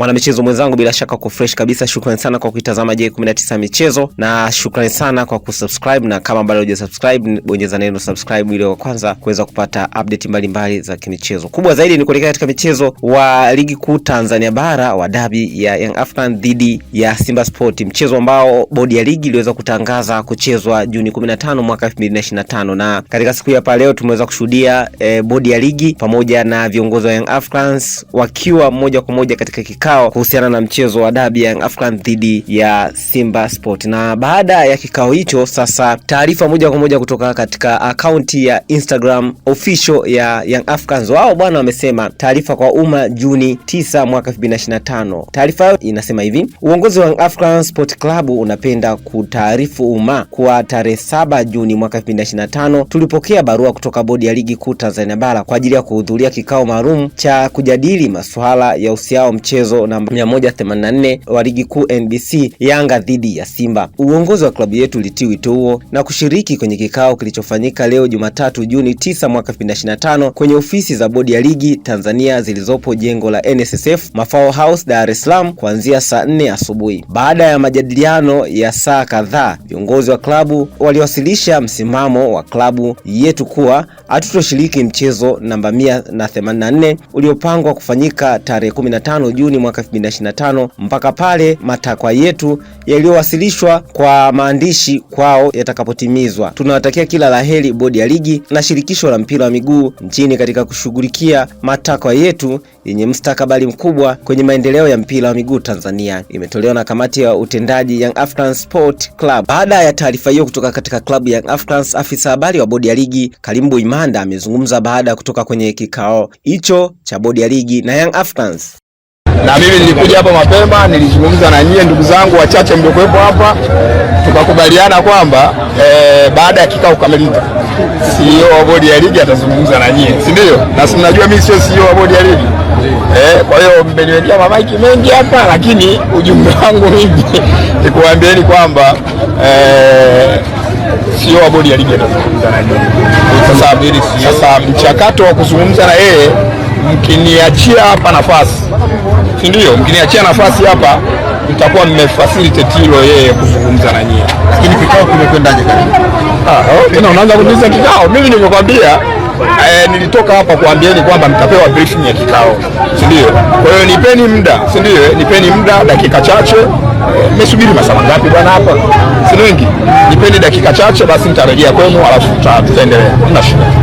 Mwanamichezo mwenzangu, bila shaka uko fresh kabisa. Shukrani sana kwa kuitazama J19 Michezo na shukrani sana kwa kusubscribe, na kama bado hujasubscribe, bonyeza neno subscribe ili wa kwanza kuweza kupata update mbalimbali za kimichezo. Kubwa zaidi ni kuelekea katika michezo wa ligi kuu Tanzania bara wa dabi ya Young African dhidi ya Simba Sport, mchezo ambao bodi ya ligi iliweza kutangaza kuchezwa Juni 15 mwaka 2025, na katika siku ya leo tumeweza kushuhudia eh, bodi ya ligi pamoja na viongozi wa Young Africans wakiwa moja kwa moja katika kikao kikao kuhusiana na mchezo wa dabi Young Afghan dhidi ya Simba Sport. Na baada ya kikao hicho, sasa taarifa moja kwa moja kutoka katika akaunti ya Instagram official ya Young Africans, wao bwana wamesema taarifa kwa umma Juni 9 mwaka 2025. Taarifa hiyo inasema hivi: uongozi wa Young Africans Sport Club unapenda kutaarifu umma kuwa tarehe 7 Juni mwaka 2025 tulipokea barua kutoka bodi ya ligi kuu Tanzania bara kwa ajili ya kuhudhuria kikao maalum cha kujadili masuala ya usiao mchezo mchezo namba 184 wa ligi kuu NBC Yanga dhidi ya Simba. Uongozi wa klabu yetu ulitii wito huo na kushiriki kwenye kikao kilichofanyika leo Jumatatu Juni 9 mwaka 2025 kwenye ofisi za bodi ya ligi Tanzania zilizopo jengo la NSSF Mafao House, Dar es Salaam kuanzia saa 4 asubuhi. Baada ya majadiliano ya saa kadhaa, viongozi wa klabu waliwasilisha msimamo wa klabu yetu kuwa hatutoshiriki mchezo namba 184 uliopangwa kufanyika tarehe 15 Juni mwaka 2025 mpaka pale matakwa yetu yaliyowasilishwa kwa maandishi kwao yatakapotimizwa. Tunawatakia kila laheri bodi ya ligi na shirikisho la mpira wa miguu nchini katika kushughulikia matakwa yetu yenye mstakabali mkubwa kwenye maendeleo ya mpira wa miguu Tanzania. Imetolewa na kamati ya utendaji Young Africans Sport Club. Baada ya taarifa hiyo kutoka katika klabu ya Young Africans, afisa habari wa bodi ya ligi Karimbo Imanda amezungumza baada ya kutoka kwenye kikao hicho cha bodi ya ligi na Young Africans na mimi nilikuja hapa mapema, nilizungumza na nyie ndugu zangu wachache mliokuwepo hapa, tukakubaliana kwamba e, baada ya kikao kukamilika CEO wa bodi ya ligi atazungumza na nyie, si ndio? Na si mnajua mimi sio CEO wa bodi ya ligi e, kwa hiyo mmeniwekea mamaiki mengi hapa, lakini ujumbe wangu mimi kuambieni kwamba eh, e, sio wa bodi ya ligi atazungumza na nyie. Sasa, sasa mchakato wa kuzungumza na yeye mkiniachia hapa nafasi si ndio? Mkiniachia nafasi hapa mtakuwa mmefacilitate hilo yeye kuzungumza na nyie. Lakini kikao kimekwendaje? Ah, oh, unaanza kuniuliza kikao? Mimi nimekwambia eh, nilitoka hapa kuambieni kwamba mtapewa briefing ya kikao, si ndio? Kwa hiyo nipeni muda, si ndio? Nipeni muda dakika chache. Eh, Mmesubiri masaa mangapi bwana hapa? Si wengi. Nipeni dakika chache basi, nitarejea kwenu, alafu tutaendelea. Mna shida?